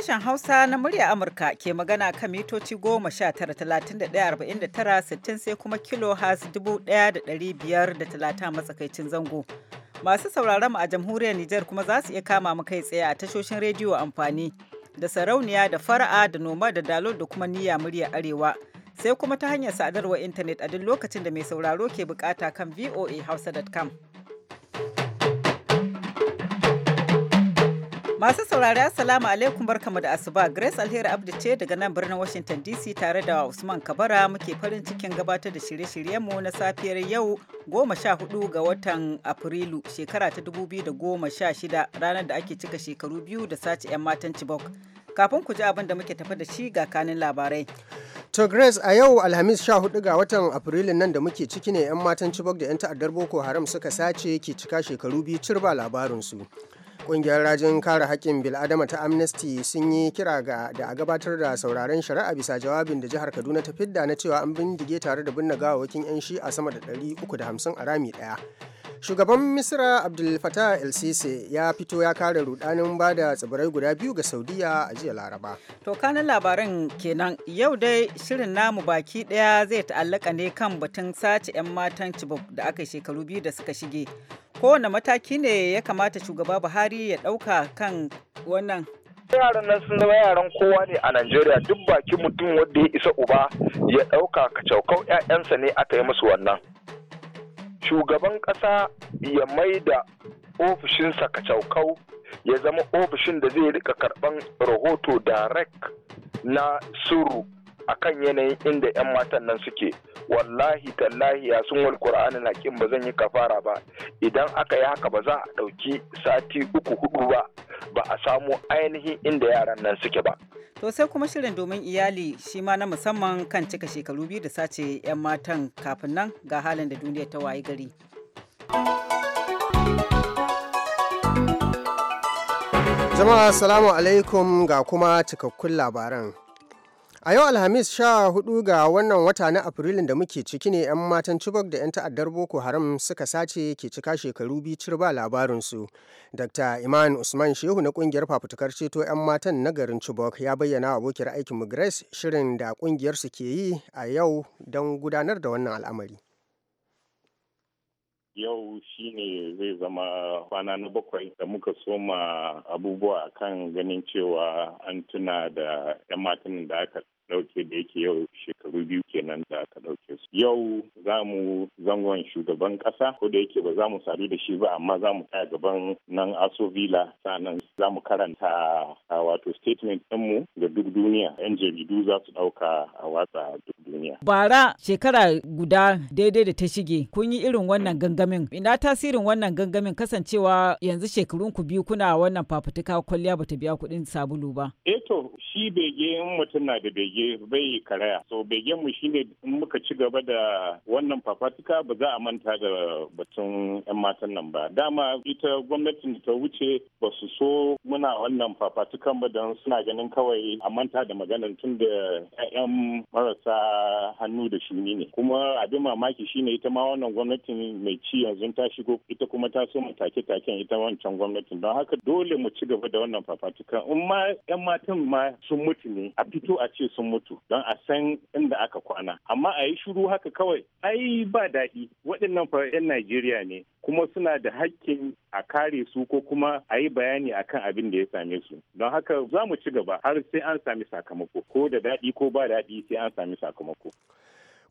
Sashen Hausa na murya Amurka ke magana kan mitoci goma sha tara talatin sittin sai kuma kilo has dubu ɗaya da ɗari biyar da talatin matsakaicin zango. Masu sauraron mu a jamhuriyar Nijar kuma za su iya kama mu kai tsaye a tashoshin rediyo amfani da sarauniya da fara'a da noma da dalo da kuma niyya murya arewa. Sai kuma ta hanyar sadarwar intanet a duk lokacin da mai sauraro ke bukata kan voahausa.com. Masu saurari Assalamu alaikum barkamu da asuba Grace Alheri Abdu ce daga nan birnin Washington DC tare da Usman Kabara muke farin cikin gabatar da shirye-shiryenmu na safiyar yau goma sha hudu ga watan Afrilu shekara ta dubu da goma sha ranar da ake cika shekaru biyu da sace 'yan matan Chibok. Kafin ku ji abin da muke tafi da shi ga kanin labarai. To Grace a yau Alhamis 14 ga watan afrilu nan da muke ciki ne 'yan matan Chibok da 'yan ta'addar Boko Haram suka sace ke cika shekaru biyu cirba labarinsu. Ƙungiyar rajin kare haƙƙin bil'adama ta Amnesty sun yi kira ga da a gabatar da sauraren shari'a bisa jawabin da jihar Kaduna ta fidda na cewa an bindige tare da binne gawawakin 'yan shi a sama da 350 a rami ɗaya. Shugaban misira Abdul Fattah El Sisi ya fito ya kare rudanin bada tsibirai guda biyu ga Saudiya a jiya Laraba. To kanan labaran kenan yau dai shirin namu baki ɗaya zai ta'allaka ne kan batun sace 'yan matan Chibok da aka shekaru biyu da suka shige. kowane mataki ne ya kamata shugaba buhari ya ɗauka kan wannan yaran nan sun zama yaran kowa ne a Najeriya duk bakin mutum wanda ya isa uba ya ɗauka kacaukau 'ya'yansa ne aka yi musu wannan. Shugaban ƙasa ya maida ofishinsa kacaukau ya zama ofishin da zai rika karɓan rahoto direct na suru akan yanayin inda 'yan matan nan suke wallahi tallahi ya sun wal na hakim ba zan yi kafara ba idan aka yi haka ba za a ɗauki sati uku hudu ba ba a samu ainihin inda yaran nan suke ba to sai kuma shirin domin iyali shi ma na musamman kan cika shekaru biyu da sace 'yan matan kafin nan ga halin da duniya ta wayi gari jama'a salamu alaikum ga kuma cikakkun labaran A yau Alhamis sha hudu ga wannan wata na Afrilun da muke ciki ne 'yan matan Chibok da 'yan ta'addar Boko Haram suka sace ke cika shekaru biyu cirba ba labarinsu. Dr. Iman Usman Shehu na kungiyar fafutukar ceto 'yan matan na garin Chibok ya bayyana a abokiyar aikin Grace shirin da kungiyar su ke yi a yau don gudanar da wannan al'amari. yau shine zai zama kwana na bakwai da muka soma abubuwa kan ganin cewa an tuna da 'yan matan da aka No da shekaru biyu kenan da aka ɗauke su yau za mu zangon shugaban ƙasa ko da yake ba za mu sadu da shi ba amma za mu kaya gaban nan aso villa sannan za mu karanta wato statement ɗinmu ga duk duniya yan jaridu za su ɗauka a watsa duk duniya. bara shekara guda daidai da ta shige kun yi irin wannan gangamin ina tasirin wannan gangamin kasancewa yanzu shekarun ku biyu kuna wannan fafutuka kwalliya bata biya kuɗin sabulu ba. eh to shi bege mutum na da bege bai karaya so begen mu shine in muka ci gaba da wannan fafatuka ba za a manta da batun 'yan matan nan ba dama ita gwamnatin da ta wuce ba su so muna wannan fafatukan ba don suna ganin kawai a manta da maganar tun da 'ya'yan marasa hannu da shuni ne kuma abin mamaki shine ita ma wannan gwamnatin mai ci yanzu ta shigo ita kuma ta so mu take-taken ita wancan gwamnatin don haka dole mu ci gaba da wannan fafatukan in ma 'yan matan ma sun mutu ne a fito a ce sun mutu don a san da aka kwana amma a yi shiru haka kawai ai ba daɗi waɗannan fa 'yan najeriya ne kuma suna da hakkin a kare su ko kuma a yi bayani akan abin da ya same su don haka za mu ci gaba har sai an sami sakamako ko da daɗi ko ba daɗi sai an sami sakamako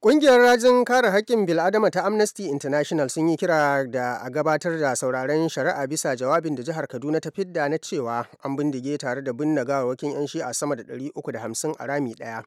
Ƙungiyar rajin kare haƙƙin bil'adama ta Amnesty International sun yi kira da a gabatar da sauraren shari'a bisa jawabin da jihar Kaduna ta fidda na cewa an bindige tare da binne gawarwakin 'yan a sama da 350 a rami ɗaya.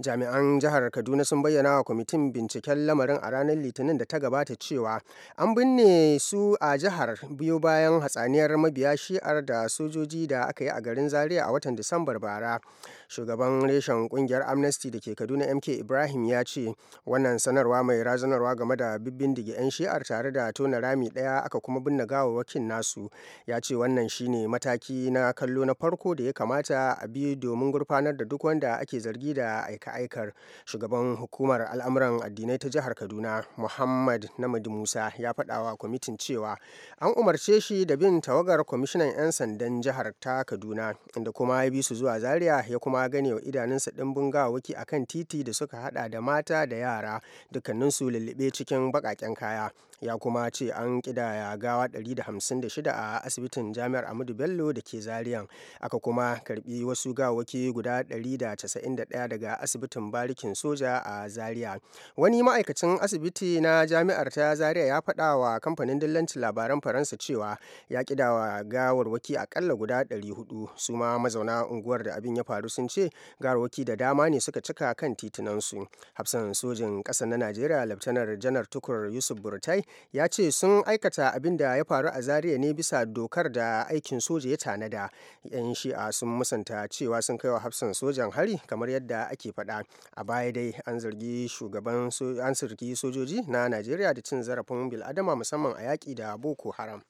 jami'an jihar kaduna sun bayyana wa kwamitin binciken lamarin a ranar litinin da ta gabata cewa an binne su a jihar biyu bayan hatsaniyar mabiya shi'ar da sojoji da aka yi a garin zaria a watan disambar bara shugaban reshen kungiyar amnesty da ke kaduna mk ibrahim ya ce wannan sanarwa mai razanarwa game da bindige 'yan shi'ar tare da tona rami daya aka kuma binne gawawwakin nasu ya ce wannan shine mataki na kallo na farko da ya kamata a bi domin gurfanar da duk wanda ake zargi da aika aika shugaban hukumar al'amuran addinai ta jihar kaduna muhammad namadi musa ya faɗawa kwamitin cewa an umarce shi da bin tawagar kwamishinan 'yan sandan jihar ta kaduna inda kuma ya bi su zuwa zaria ya kuma gane wa idanunsa ɗimbin a kan titi da suka haɗa da mata da yara dukkaninsu lullube cikin baƙaƙen kaya ya kuma ce an kidaya gawa 156 a asibitin jami'ar amadu bello da ke zariyan aka kuma karbi wasu gawaki guda 191 daga asibitin barikin soja a zariya wani ma'aikacin asibiti na jami'ar ta zariya ya faɗa wa kamfanin dillancin labaran faransa cewa ya kidawa gawarwaki akalla guda 400 su ma mazauna unguwar da abin ya faru sun ce gawarwaki da dama ne suka cika kan titunansu hafsan sojin ƙasa na najeriya laftanar janar tukur yusuf burtai ya ce sun aikata abin da ya faru a Zariya ne bisa dokar da aikin soja ya tanada yan shi'a sun musanta cewa sun kai wa hafsan sojan hari kamar yadda ake faɗa a baya dai an zargi shugaban an zargi sojoji na najeriya da cin zarafin bil'adama musamman a yaƙi da boko haram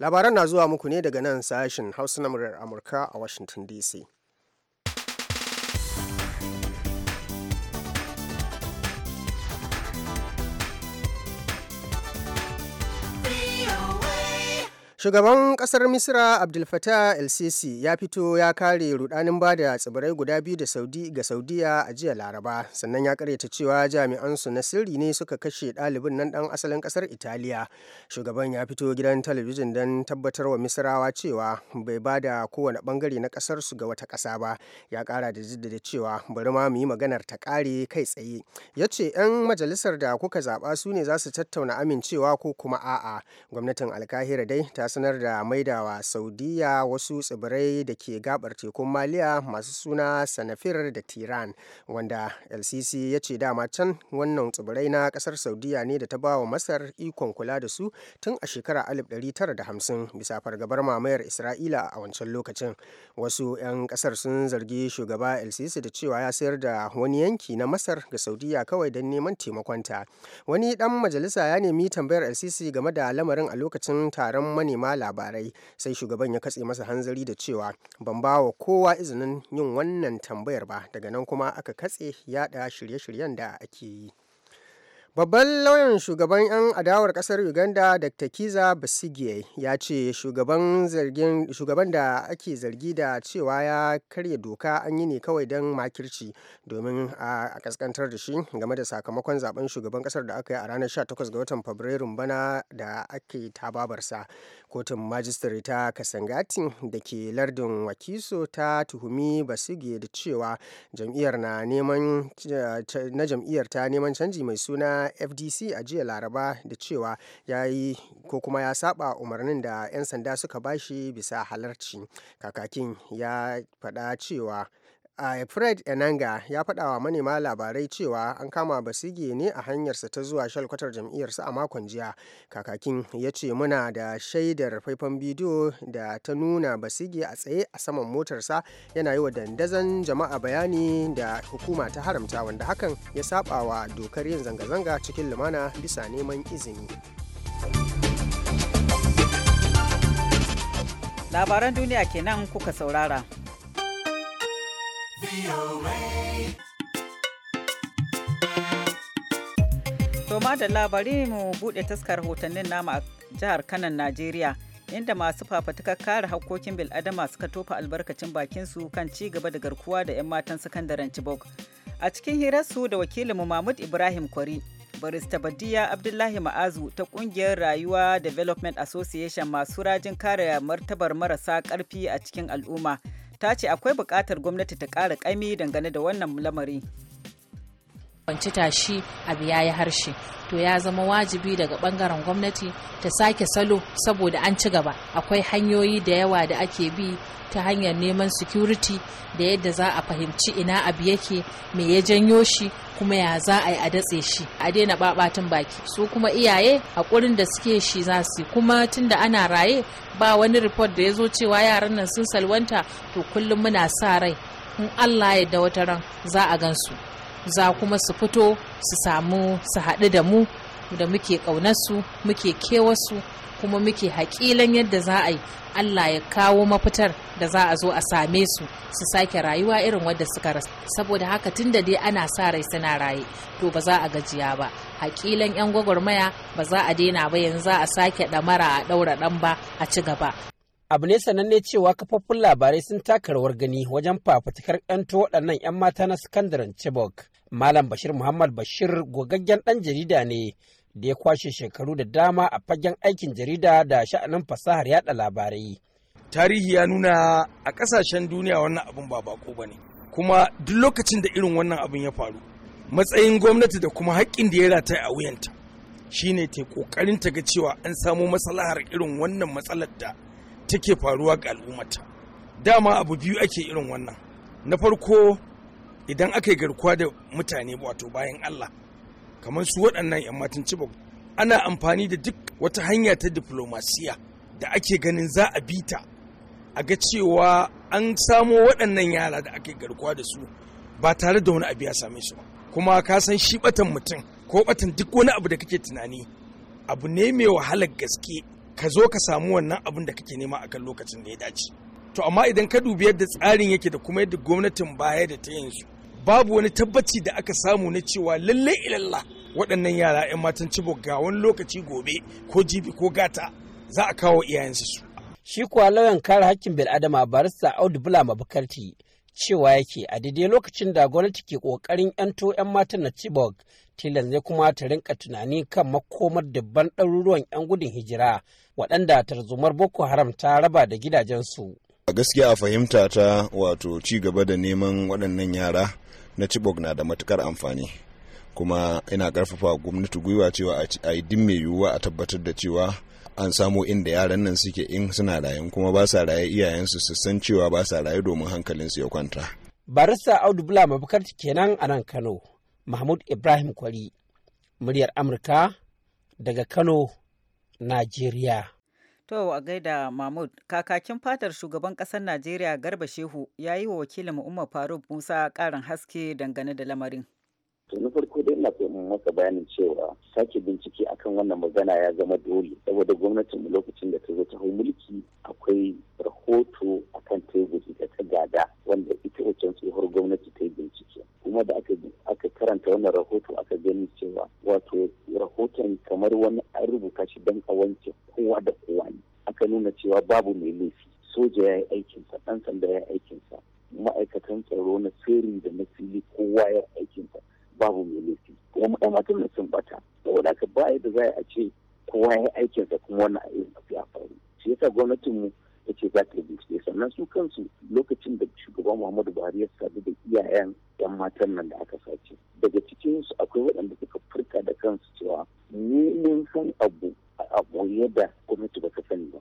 labaran na zuwa muku ne daga nan sashen hausa na muryar amurka a washington dc Shugaban ƙasar Misira Abdul Fattah el-Sisi ya fito ya kare rudanin da tsibirai guda biyu da Saudi ga Saudiya a jiya Laraba sannan ya karyata cewa jami'an su na sirri ne suka kashe ɗalibin nan ɗan asalin ƙasar Italiya. Shugaban ya fito gidan talabijin don tabbatar wa Misirawa cewa bai ba da kowane bangare na kasar su ga wata ƙasa ba. Ya kara da jaddada cewa bari ma mu yi maganar ta kare kai tsaye. Ya ce 'yan majalisar da kuka zaɓa su ne za su tattauna amincewa ko kuma a'a. Gwamnatin Alkahira dai ta sanar da maidawa saudiya wasu tsibirai da ke gabar tekun maliya masu suna sanafir da tiran wanda lcc ya ce dama can wannan tsibirai na kasar saudiya ne da ta ba wa masar ikon kula da su tun a shekara 1950 bisa fargabar mamayar isra'ila a wancan lokacin wasu 'yan kasar sun zargi shugaba lcc da cewa ya sayar da wani yanki na masar ga saudiya kawai don neman taimakonta wani dan majalisa ya nemi tambayar lcc game da lamarin a lokacin taron manema ma labarai sai shugaban ya katse masa hanzari da cewa ban ba wa kowa izinin yin wannan tambayar ba daga nan kuma aka katse yada shirye-shiryen da ake yi. Babban lauyan shugaban 'yan adawar kasar Uganda Dr. Kiza Basigye ya ce shugaban da ake zargi da cewa ya karya doka an yi ne kawai don makirci domin a kaskantar da shi game da sakamakon zaben shugaban kasar da aka yi a ranar 18 ga watan Fabrairun bana da ake tababarsa. Kotun Majistare ta Kasangati da ke lardin Wakiso ta tuhumi Basigye da cewa jam'iyyar na eh, jam'iyyar neman canji mai suna na fdc a jiya laraba da cewa ya yi ko kuma ya saba umarnin da 'yan sanda suka bashi bisa halarci kakakin ya faɗa cewa a fred enanga ya faɗa wa manema labarai cewa an kama basige ne a hanyarsa ta zuwa shalkwatar jam'iyyarsa a makon jiya kakakin ya ce muna da shaidar faifan bidiyo da ta nuna basige a tsaye a saman motarsa yana yi wa dandazon jama'a bayani da hukuma ta haramta wanda hakan ya saba wa dokar yin zanga-zanga cikin lumana bisa neman izini labaran duniya kenan kuka saurara Toma da labari mu buɗe taskar hotannin nama a jihar Kanan, Najeriya. inda masu fafatukar kare hakkokin bil'adama suka tofa albarkacin bakinsu kan ci gaba da garkuwa da 'yan matan sakandaren Chibok. A cikin hirarsu da wakilinmu Mahmud Ibrahim Kwari, barista Badiya Abdullahi Ma'azu ta ƙungiyar Rayuwa Development Association masu rajin kare martabar marasa ƙarfi a cikin al'umma ta ce akwai buƙatar gwamnati ta ƙara ƙaimi dangane da wannan lamari kwanci tashi a ya harshe to ya zama wajibi daga bangaren gwamnati ta sake salo saboda an ci gaba akwai hanyoyi da yawa da ake bi ta hanyar neman security da yadda za a fahimci ina abu yake me ya janyo shi kuma ya za a yi a datse shi a daina babatun baki su kuma iyaye hakurin da suke shi za su kuma tun da ana raye ba wani report da ya zo cewa yaran nan sun salwanta to kullum muna sa rai in allah ya da wata ran za a gansu za kuma su fito su samu su haɗu da mu da muke ƙaunarsu muke kewasu kuma muke haƙilan yadda za a yi Allah ya kawo mafitar da za a zo a same su su sake rayuwa irin wadda suka rasu saboda haka tun da dai ana sa rai suna raye to ba za a gajiya ba haƙilan yan gwagwarmaya ba za a daina ba yanzu za a sake ɗamara a ɗaura ɗan ba a ci gaba abu ne sananne cewa kafofin labarai sun taka rawar gani wajen fafutukar to waɗannan 'yan mata na sakandaren chibok Malam Bashir Muhammad Bashir gogaggen ɗan jarida ne da ya kwashe shekaru da dama a fagen aikin jarida da sha'anin fasahar yada labarai. Tarihi ya nuna a ƙasashen duniya wannan abin ba bako ba ne. Kuma duk lokacin da irin wannan abin ya faru, matsayin gwamnati da kuma haƙƙin da ya rataya a wuyanta shine ta ƙoƙarin ta ga cewa an samo maslahar irin wannan matsalar da take faruwa ga al'ummata. Dama abu biyu ake irin wannan. Na farko idan aka yi garkuwa da mutane wato bayan Allah kamar su waɗannan 'yan matan cibok ana amfani da duk wata hanya ta diplomasiya da ake ganin za a bi ta a ga cewa an samo waɗannan yara da ake garkuwa da su ba tare da wani abu ya same su ba kuma ka san shi batan mutum ko batan duk wani abu da kake tunani abu ne mai wahalar gaske ka zo ka samu wannan abin da kake nema akan lokacin da ya dace to amma idan ka dubi yadda tsarin yake da kuma yadda gwamnatin baya da ta yanzu babu wani tabbaci da aka samu na cewa lalle ilalla waɗannan yara 'yan matan cibo ga wani lokaci gobe ko jibi ko gata za a kawo iyayensu su. Shi kuwa lauyan kare hakkin bil'adama barista Audu Bula Mabukarti cewa yake a daidai lokacin da gwamnati ke kokarin 'yanto 'yan matan na Chibok tilan zai kuma ta rinka tunani kan makomar dubban ɗaruruwan 'yan gudun hijira waɗanda tarzumar Boko Haram ta raba da gidajensu. A gaskiya a fahimta ta wato ci gaba da neman waɗannan yara na Chibok na da matukar amfani. Kuma ina karfafa gwamnati gwiwa cewa a yi din mai yiwuwa a tabbatar da cewa an samo inda yaran nan suke in suna raye kuma ba sa raye iyayensu su san cewa ba sa raye domin hankalin su ya kwanta. Barista Audu Bula mafakar kenan a nan Kano, Mahmud Ibrahim Kwari, muryar Amurka daga Kano, Najeriya. To a gaida Mahmud, kakakin fatar shugaban ƙasar Najeriya Garba Shehu ya yi wa wakilin Umar Faruk Musa ƙarin haske dangane da lamarin. to na farko dai ina so masa bayanin cewa sake bincike akan wannan magana ya zama dole saboda gwamnatin mu lokacin da ta zo ta hau mulki akwai rahoto akan tebur da ta gada wanda ita wacce tsohuwar gwamnati ta yi bincike kuma da aka aka karanta wannan rahoto aka gani cewa wato rahoton kamar wani an rubuta shi don a wanke kowa da kowa ne aka nuna cewa babu mai laifi soja ya yi aikinsa ɗan sanda ya yi aikinsa ma'aikatan tsaro na sirri da na fili kowa ya aikinsa babu mai laifi kuma ɗan matan nan sun bata saboda ka ba yadda za a ce kowa ya aikinsa kuma wannan abin ya faru shi yasa gwamnatinmu ya ce za ta bincike sannan su kansu lokacin da shugaban muhammadu buhari ya sadu da iyayen yan matan nan da aka sace daga cikinsu akwai waɗanda suka furta da kansu cewa ni mun san abu a boye da gwamnati ba ta sani ba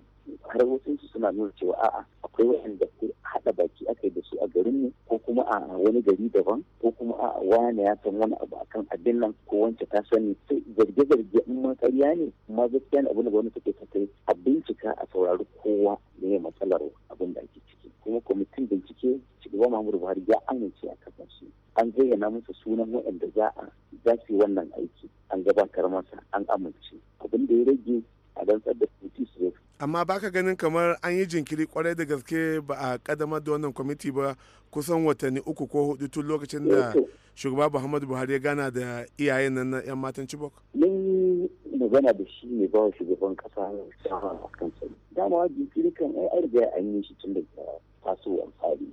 har wasu suna nuna cewa a'a akwai waɗanda ko haɗa baki aka yi da su a garin mu ko kuma a wani gari daban ko kuma a wani ya san wani abu akan abin nan ko wancan ta sani sai zarge-zarge in ma karya ne ma gaskiya ne abin da gwamnati take ta kai a bincika a saurari kowa ne matsalar abin da ake ciki kuma kwamitin bincike shugaban muhammadu buhari ya amince a kafin shi an zayyana masa sunan waɗanda za a za su yi wannan aiki an gabatar masa an amince abin da ya rage a rantsar da kwamiti su amma baka ganin kamar an yi jinkiri kwarai da gaske ba a kadamar da wannan kwamiti ba kusan watanni uku ko hudu tun lokacin da eh, shugaba muhammadu buhari ya gana da iyayen nan na yan matan chibok ni magana da shi ne ba shugaban kasa a kan sani dama jinkiri kan ai an riga an yi shi tun da tasowar fari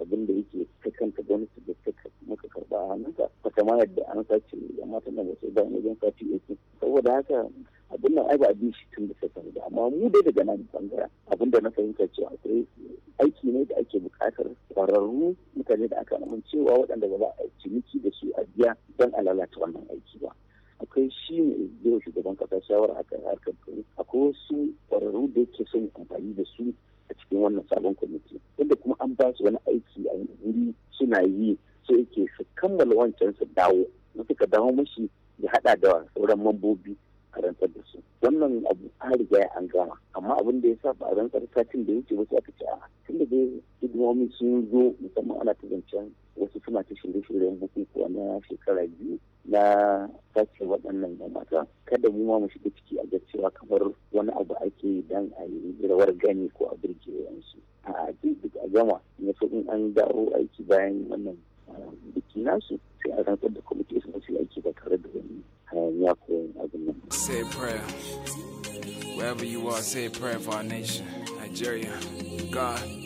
abin da yake ka kanta gwamnati da ka maka karba a hannunka ta yadda an sace amma tana da sai bayan wajen sati uku saboda haka abin nan ai ba bi shi tun da sai da amma mu dai daga nan bangaren abin da na fahimta cewa akwai aiki ne da ake buƙatar kwararru mutane da aka amincewa waɗanda ba za a ciniki da su a biya don a lalata wannan aiki ba akwai shi ne zai shugaban kasa shawara a kan harkar akwai wasu son amfani da su a cikin wannan sabon kwamiti inda kuma an ba su wani aiki a wuri suna yi so yake su kammala wancan su dawo na suka dawo mashi ya hada da sauran mambobi a rantsar da su wannan abu an riga an gama amma abin da ya sa ba a rantsar satin da yake wasu aka ce a tun da dai hidimomi sun zo musamman ana ta zancen wasu suna ta shirye-shiryen bukukuwa na shekara biyu na sace waɗannan mata kada mu ma mu shiga ciki a ga cewa kamar wani abu ake dan a yi rawar gani ko a birge yansu a duk a gama ya fi in an dawo aiki bayan wannan biki nasu sai a rantsar da kwamiti su masu aiki ba tare da wani hayaniya ko wani abin nan. Say prayer. Wherever you are, say prayer for our nation, Nigeria, God.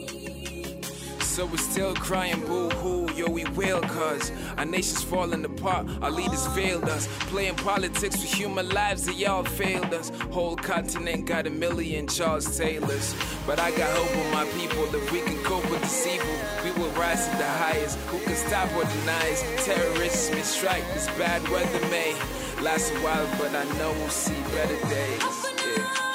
So we're still crying boo hoo, yo, we will, cuz our nation's falling apart, our leaders failed us. Playing politics with human lives, they all failed us. Whole continent got a million Charles Taylors. But I got hope for my people that we can cope with this evil. We will rise to the highest. Who can stop or deny us? Terrorists may strike, this bad weather may last a while, but I know we'll see better days. Yeah.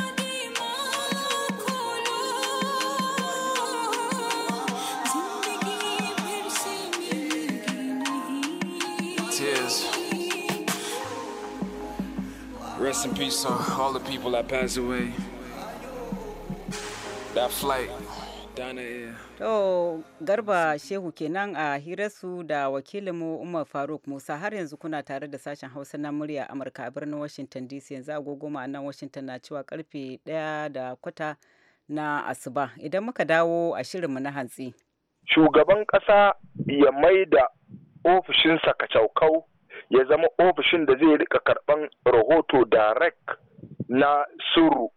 in peace to all the people that passed away. That flight To Garba Shehu kenan a hirarsu da wakilinmu Umar Faruk Musa har yanzu kuna tare da sashen Hausa na murya Amurka a birnin Washington DC yanzu agogo ma nan Washington na cewa karfe ɗaya da kwata na asuba idan muka dawo a shirinmu na hantsi. Shugaban ƙasa ya mai da ofishinsa kacaukau ya zama ofishin da zai rika karban rahoto direct na suru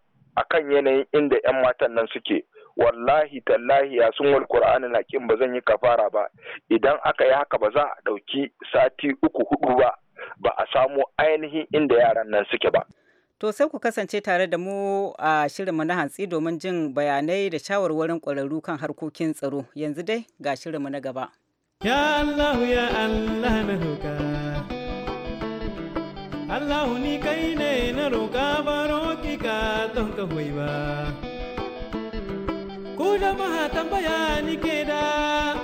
kan yanayin inda 'yan matan nan suke wallahi tallahi ya sun wal qur'ani na kin ba zan yi kafara ba idan aka yi haka ba za a ɗauki sati uku hudu ba ba a samu ainihin inda yaran nan suke ba To sai ku kasance tare da mu a shirinmu na hantsi domin jin bayanai da shawarwarin ƙwararru kan harkokin tsaro. Yanzu dai ga shirinmu na gaba. Ya Allah ya Allah na hukar Allah ni kai ne na roƙa baro ki ka don ka hoyi ba. Ku jama'a tambaya ni ke da,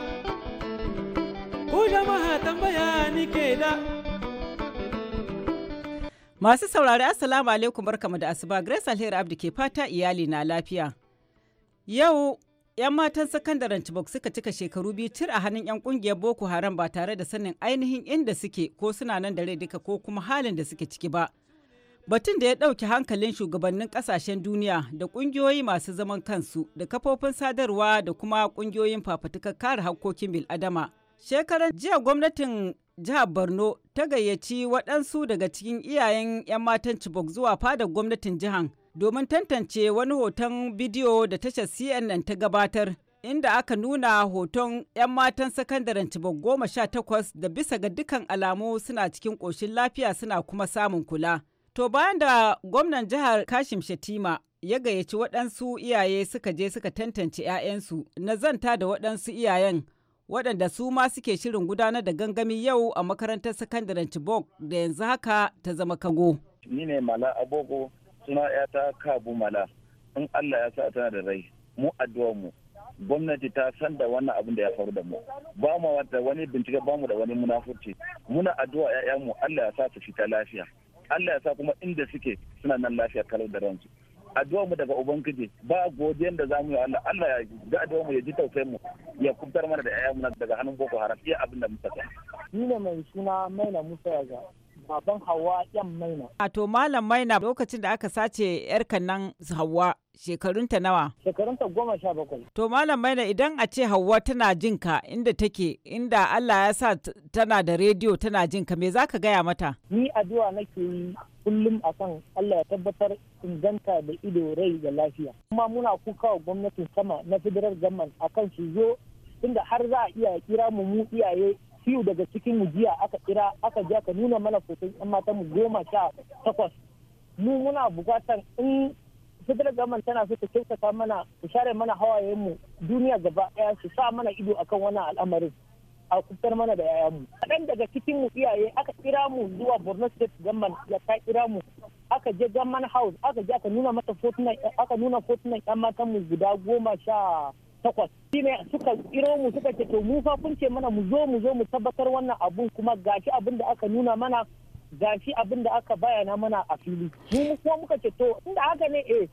ku jama'a tambaya ni ke da. Masu saurari Assalamu alaikum barkamu da asuba Grace Alheri Abdi ke fata iyali na lafiya. Yau 'yan matan sakandaren Chibok suka cika shekaru biyu cir a hannun 'yan kungiyar Boko Haram ba tare da sanin ainihin inda suke ko suna nan da rai duka ko kuma halin da suke ciki ba. Batun da ya ɗauki hankalin shugabannin ƙasashen duniya da ƙungiyoyi masu zaman kansu da kafofin sadarwa da kuma ƙungiyoyin fafutukar kare hakkokin bil'adama. Shekaran jiya gwamnatin jihar Borno ta gayyaci waɗansu daga cikin iyayen 'yan matan Chibok zuwa fadar gwamnatin jihar domin tantance wani hoton bidiyo da tashar CNN ta gabatar inda aka nuna hoton 'yan matan sakandaren cibar goma sha takwas da bisa ga dukan alamu suna cikin ƙoshin lafiya suna kuma samun kula. To bayan da gwamnan jihar Kashim Shatima ya gayyaci waɗansu iyaye suka je suka tantance 'ya'yansu na zanta da waɗansu iyayen waɗanda su ma suke shirin gudanar da gangami yau a makarantar sakandaren Chibok da yanzu haka ta zama kago. Ni ne Mala Abogo suna yata kabu mala in allah ya sa tana da rai mu addu'a mu gwamnati ta san da wannan abin da ya faru da mu ba mu da wani bincike ba mu da wani munafurci muna addu'a mu Allah ya sa su fita lafiya Allah ya sa kuma inda suke suna nan lafiya kalau da ransu addu'a mu daga ubangiji ba godiyan da zamu yi Allah Allah ya ga addu'a mu ya ji tausayin mu ya kubtar mana da ƴaƴanmu daga hannun boko haram iya abin da muka sani ni ne mai suna Maina Musa ga. baban Hauwa yan maina. A to malam maina lokacin da aka sace yarka nan hawa shekarunta nawa? Shekarunta goma sha bakwai. To malam maina idan a ce Hauwa tana jin ka inda take inda Allah ya sa tana da rediyo tana jin ka me zaka gaya mata? Ni addu'a nake yi kullum akan Allah ya tabbatar inganta da ido rai da lafiya. Kuma muna kuka wa gwamnatin sama na federal government akan su zo tunda har za a iya kira mu mu iyaye biyu daga cikin mu aka kira aka aka nuna mana hoton yan matanmu goma sha takwas mu muna bukatan in federal government tana so ta kyautata mana ta share mana hawayenmu duniya gaba ɗaya su sa mana ido akan wannan al'amarin a kusantar mana da yayanmu kaɗan daga cikin mu iyaye aka kira mu zuwa borno state zaman ya ta kira mu aka je gamman house aka je aka nuna mata fotunan aka nuna fotunan yan matanmu guda goma sha takwas shine suka tsiro mu suka ce to mu fa kun ce mana mu zo mu zo mu tabbatar wannan abun kuma gashi abin da aka nuna mana gashi abin da aka bayana mana a fili mu kuma muka ce to inda haka ne eh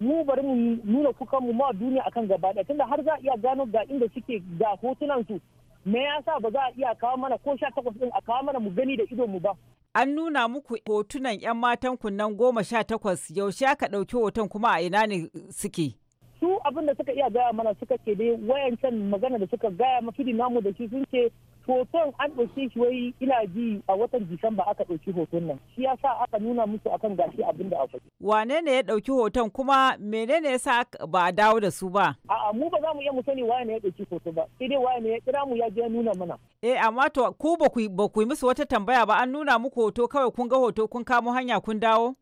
mu bari mu nuna kuka mu ma duniya akan gaba ɗaya tunda har za a iya gano ga inda suke ga hotunan su me yasa ba za a iya kawo mana ko sha takwas din a kawo mana mu gani da idon mu ba an nuna muku hotunan yan matan kunnan goma sha takwas yaushe aka ɗauki hoton kuma a ina ne suke su abin da suka iya gaya mana suka ce dai wayancan magana da suka gaya mafidi namu da shi sun ce hoton an ɗauke shi wai ina ji a watan disamba aka ɗauki hoton nan shi ya sa aka nuna musu akan gashi abin da aka wane ne ya ɗauki hoton kuma menene ya sa ba a dawo da su ba a'a mu ba za mu iya mu sani waye ne ya ɗauki hoton ba sai dai waye ne ya kira mu ya je nuna mana eh amma to ku ba ku yi musu wata tambaya ba an nuna muku hoto kawai kun ga hoto kun kamo hanya kun dawo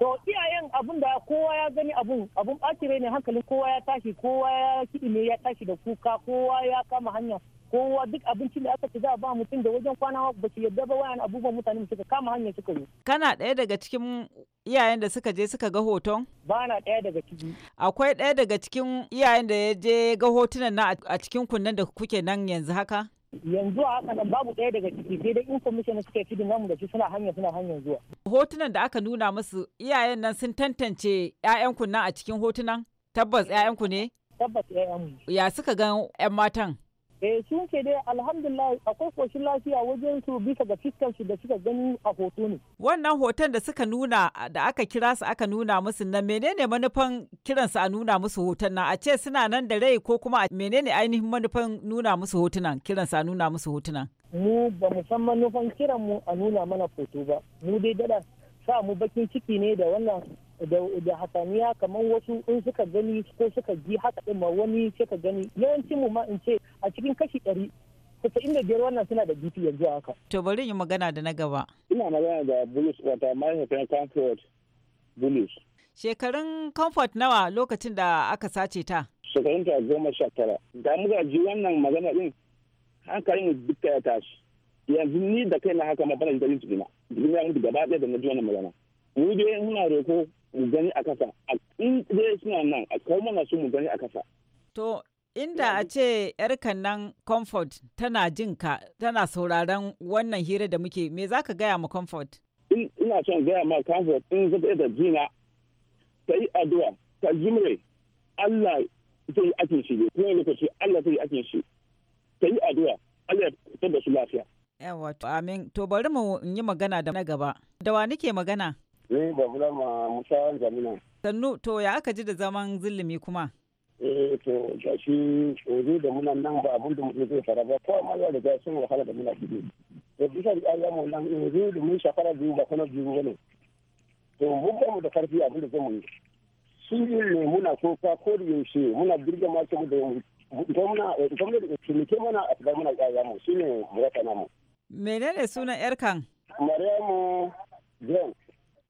to bayan abun da kowa ya gani abin abun ɓaci rai ne hankalin kowa ya tashi kowa ya kiɗi ne ya tashi da kuka kowa ya kama hanya kowa duk abincin da aka ci za a ba mutum da wajen kwana ba su yadda ba wayan abubuwan mutane suka kama hanya suka zo. Kana ɗaya daga cikin iyayen da suka je suka ga hoton? Ba na ɗaya daga ciki. Akwai ɗaya daga cikin iyayen da ya je ga hotunan na a cikin kunnen da kuke nan yanzu haka? yanzu a haka nan babu ɗaya daga ciki sai dai in kwamishin suka fi namu da shi suna hanyar suna hanyar zuwa. hotunan da aka nuna musu iyayen nan sun tantance 'ya'yanku nan a cikin hotunan tabbas 'ya'yanku ne. tabbas mu. ya suka gan 'yan matan. eh sun ce dai alhamdulillah akwai koshin lafiya wajen su bisa ga fiskar su da suka gani a hoto ne wannan hoton da suka nuna da aka kira su aka nuna musu na menene manufan kiran su a nuna musu hoton nan a ce suna nan da rai ko kuma menene ainihin manufan nuna musu hotunan kiran su a nuna musu hotunan mu ba mu san manufan kiran mu a nuna mana hoto ba mu dai dada sa mu bakin ciki ne da wannan da hasaniya kamar wasu in suka gani ko suka ji haka din ma wani suka gani yawancin mu ma in ce a cikin kashi ɗari casa'in da biyar wannan suna da BP yanzu haka. To bari yi magana da na gaba. Ina magana da Bulus wata mahaifin Comfort Bulus. Shekarun Comfort nawa lokacin da aka sace ta? Shekarun ta goma sha tara. Da muka ji wannan magana din hankalin duka ya tashi. Yanzu ni da kai na haka magana da jikin jikina. Jikina mutu gaba ɗaya da na ji wannan magana. Mu dai muna roko mu gani a kasa in dai suna nan a kawo mana su mu gani a kasa to inda a ce yarka nan comfort tana jin ka tana sauraron wannan hira da muke me za ka gaya ma comfort ina son gaya ma comfort in zaka da jina ta yi addu'a ta jimre Allah yi ake shi ne kuma lokaci Allah yi ake shi ta yi addu'a Allah ya fitar da su lafiya yawa amin to bari mu yi magana da na gaba da wa nake magana Eh ma Musa jamina. Sannu to ya aka ji da zaman zulumi kuma? Eh to ga shi tsoro da muna nan ba abin da mutum zai fara ba ko amma ya riga sun wahala da muna ciki. Da bisa da ya mu nan zai da mun shafara biyu ba kuma biyu ne. To mun ba mu da karfi abin da zamu yi. Shi ne muna ka ko da yaushe muna birge ma da gwamnati cinike eh, mana a fitar mana yaya mu shine murata namu. Menene sunan 'yarkan? Maryamu zan.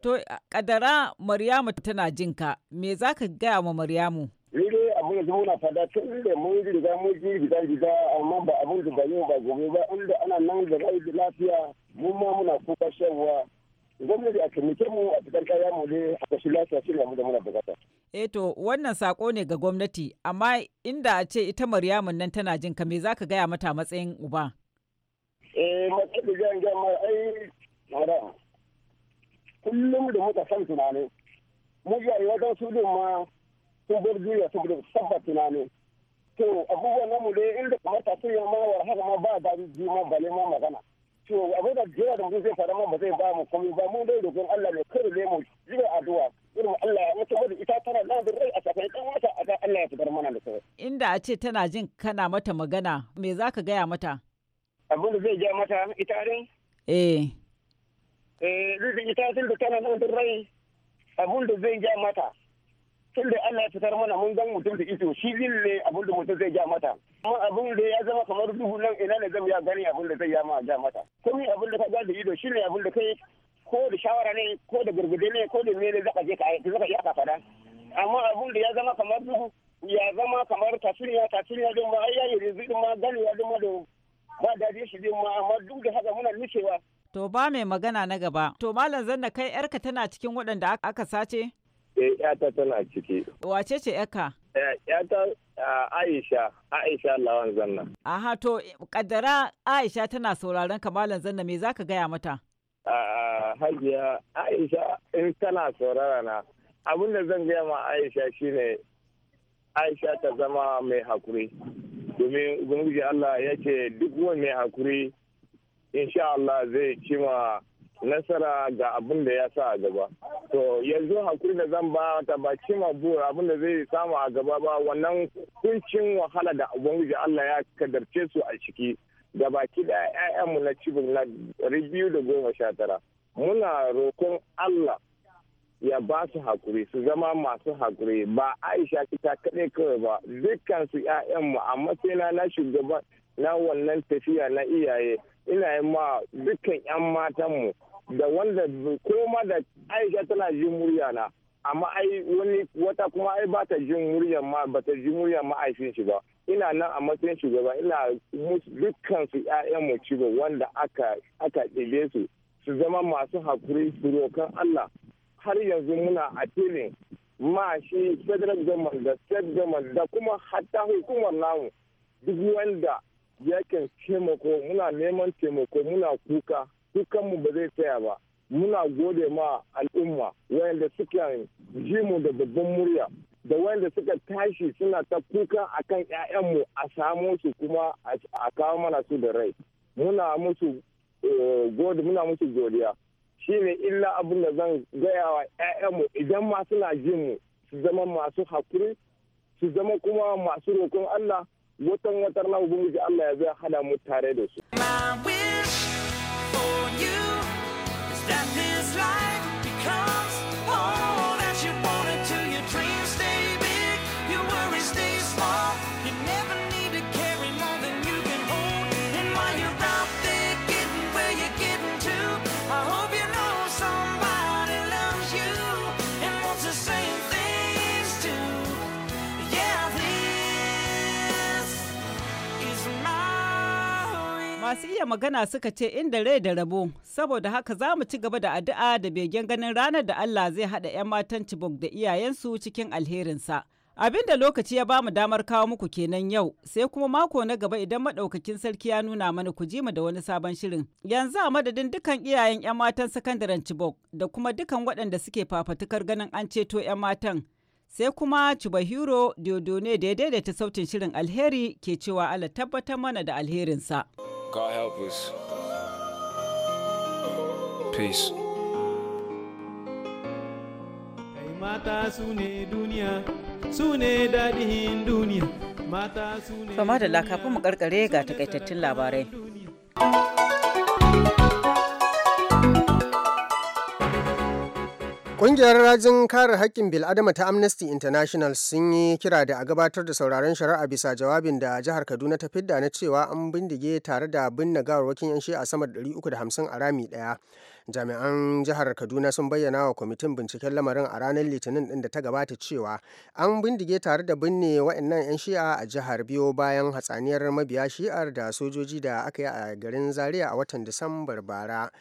To kadara Maryamu tana jinka me za ka gaya ma Maryamu? Ni abin da zama na fada tun da mun riga mun ji gida gida amma ba abin da ba yau ba gobe ba inda ana nan da rai da lafiya mun ma muna kuka shanwa gwamnati a taimake mu a cikin kaya mu ne a kashi lafiya shi mu da muna bukata. Eh to wannan sako ne ga gwamnati amma inda a ce ita Maryamun nan tana jin ka me za ka gaya mata matsayin uba? Eh matsayin da jan ai madam kullum da muka san tunani mu iyaye wajen su din ma sun bar juya su da sabba tunani to abubuwan namu dai inda kamar ta yi ma wa haka ma ba da ji ma bale ma magana to abin da jira da mu zai fara ma ba zai ba mu komai ba mun dai roƙon Allah ne kare ne mu jira addu'a irin Allah ya mutu da ita tana nan da rai a sakai kan wata a Allah ya fitar mana da kai inda a ce tana jin kana mata magana me zaka gaya mata abin da zai ga mata ita rin eh Eh, ita tun da tana nan rai abun da zai ja mata tun da Allah ya fitar mana mun gan mutum da iso shi ne abun da mutum zai ja mata amma abun da ya zama kamar duhu nan ina ne zan ya gani abun da zai ja ma ja mata komai abun da ka ga da ido shi ne abun da kai ko da shawara ne ko da gurgude ne ko da me ne zaka je ka aiki zaka iya ka fada amma abun da ya zama kamar duhu ya zama kamar tasiriya tasiriya din ma ayyayi ya yi ma gani ya din ma da ba daɗi shi din ma amma duk da haka muna nucewa To ba mai magana na gaba. To Malam Zanna kai ‘yarka tana cikin waɗanda aka sace? Eh, ‘yata tana ciki. Wace ce ‘yarka? ‘Yata eh, Aisha, Aisha Lawan Zanna. Aha, to kaddara eh, Aisha tana sauraron ka Malam Zanna me zaka gaya mata? Hajiya Aisha in tana saurara na. Abin da zan gaya ma Aisha shine Aisha ta zama mai hakuri. Domin Ubangiji Allah ya ce duk wani mai hakuri insha Allah zai cima nasara ga abin da ya sa a gaba to yanzu hakuri da zan ba ta ba cima bura abin da zai samu a gaba ba wannan kuncin wahala da ubangiji Allah ya kadarce su a ciki da baki da 'ya'yanmu na cibin na biyu da goma sha tara muna rokon Allah ya ba su hakuri su zama masu hakuri ba aisha kita kaɗai kawai ba dukkan su 'ya'yanmu a matsayina na shugaban na wannan tafiya na iyaye ina yi ma dukkan 'yan matanmu da wanda koma da aika tana jin murya na amma ai wani wata kuma ai ba ta jin muryar ma ba ta muryar ma'aifin shi ba ina nan a matsayin shugaba ina dukkan su ƴaƴanmu cigo wanda aka aka ɗebe su su zama masu hakuri su rokan Allah har yanzu muna a filin ma shi federal government da state government da kuma hatta hukumar namu duk wanda yakin taimako muna neman taimako muna kuka kukanmu ba zai tsaya ba muna gode ma al'umma wayanda suka ji mu da babban murya da wayanda suka tashi suna ta kuka akan 'ya'yanmu a samo su kuma a kawo mana su da rai muna musu eh, gode muna musu godiya shine illa abin da zan gaya wa 'ya'yanmu idan ma suna ji mu su zama masu hakuri su zama kuma masu rokon Allah watan watar na ubangiji Allah ya zai hada mu tare da su. that this life becomes more. shirya magana suka ce inda rai da rabo saboda haka za mu ci gaba da addu'a da begen ganin ranar da Allah zai haɗa 'yan matan Chibok da iyayensu cikin alherinsa. Abin da lokaci ya ba mu damar kawo muku kenan yau sai kuma mako na gaba idan maɗaukakin sarki ya nuna mana ku ji mu da wani sabon shirin. Yanzu a madadin dukan iyayen 'yan matan sakandaren cibok da kuma dukan waɗanda suke fafatukar ganin an ceto 'yan matan. Sai kuma Chibahiro Diodone da ya daidaita sautin shirin alheri ke cewa Allah tabbatar mana da alherinsa. God mata su ne duniya su ne daɗin duniya mata su ne. Fama da lakafin mu karkare ga takaitattun labarai. Ƙungiyar rajin kare haƙƙin bil'adama ta Amnesty International sun yi kira da a gabatar da sauraron shari'a bisa jawabin da jihar Kaduna ta fidda na cewa an bindige tare da binne gawarwakin 'yan shi'a sama da 350 a rami ɗaya. jami'an jihar kaduna sun bayyana wa kwamitin binciken lamarin a ranar litinin din da ta gabata cewa an bindige tare da binne wa'annan 'yan shi'a a jihar biyo bayan hatsaniyar mabiya shi'ar da sojoji da aka yi a garin zaria a watan disambar bara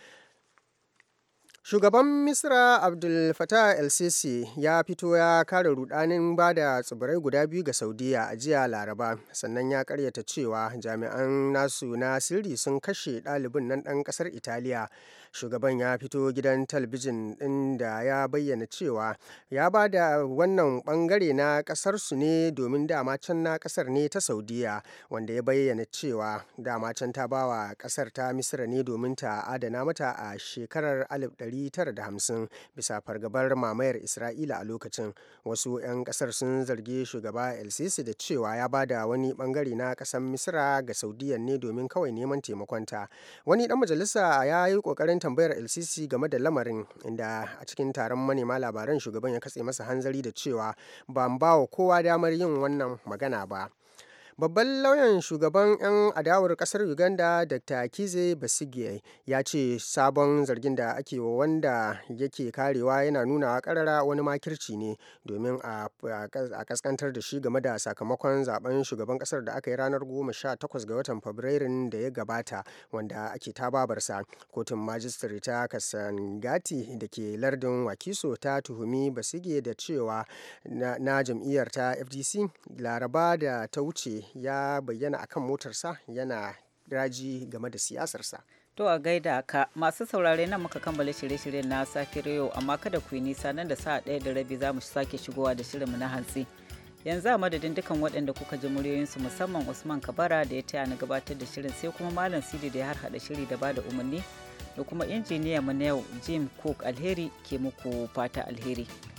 Shugaban Misra Abdul Fattah el-Sisi ya fito ya kare rudanin ba da tsibirai guda biyu ga Saudiya a jiya Laraba sannan ya karyata cewa jami'an nasu na sirri sun kashe ɗalibin nan ɗan ƙasar Italiya. Shugaban ya fito gidan talbijin ɗin da ya bayyana cewa ya ba da wannan ɓangare na ƙasarsu ne domin dama can na ƙasar ne ta Saudiya wanda ya bayyana cewa dama can ta bawa ƙasar ta Misra ne domin ta adana mata a shekarar 1900 1950 bisa fargabar mamayar isra'ila a lokacin wasu 'yan kasar sun zargi shugaba el sisi da cewa ya bada wani bangare na kasar misra ga saudiyan ne domin kawai neman taimakonta wani dan majalisa ya yi kokarin tambayar el sisi game da lamarin inda a cikin taron manema labaran shugaban ya katse masa hanzari da cewa ban ba wa kowa damar yin wannan magana ba Babban lauyan shugaban 'yan adawar kasar Uganda Dr. kize Besigye ya ce sabon zargin da ake wa wanda yake karewa yana nuna karara wani makirci ne domin a kaskantar da shi game da sakamakon zaben shugaban kasar da aka yi ranar 18 ga watan Fabrairun da ya gabata wanda ake tababarsa. Kotun Majistare ta Kasangati da ke lardin Wakiso ta tuhumi Besigye da cewa na jam'iyyar ta FDC Laraba da ta wuce ya bayyana akan motarsa yana raji game da siyasarsa. To a gaida ka masu saurare nan muka kammala shirye-shiryen na sake yau amma kada ku yi nisa nan da sa'a ɗaya da rabi za mu sake shigowa da shirinmu na hantsi. Yanzu a madadin dukkan waɗanda kuka ji muryoyinsu musamman Usman Kabara da ya taya na gabatar da shirin sai kuma Malam Sidi da ya harhaɗa shiri da bada umarni da kuma injiniya mu na yau Jim Cook Alheri ke muku fata alheri.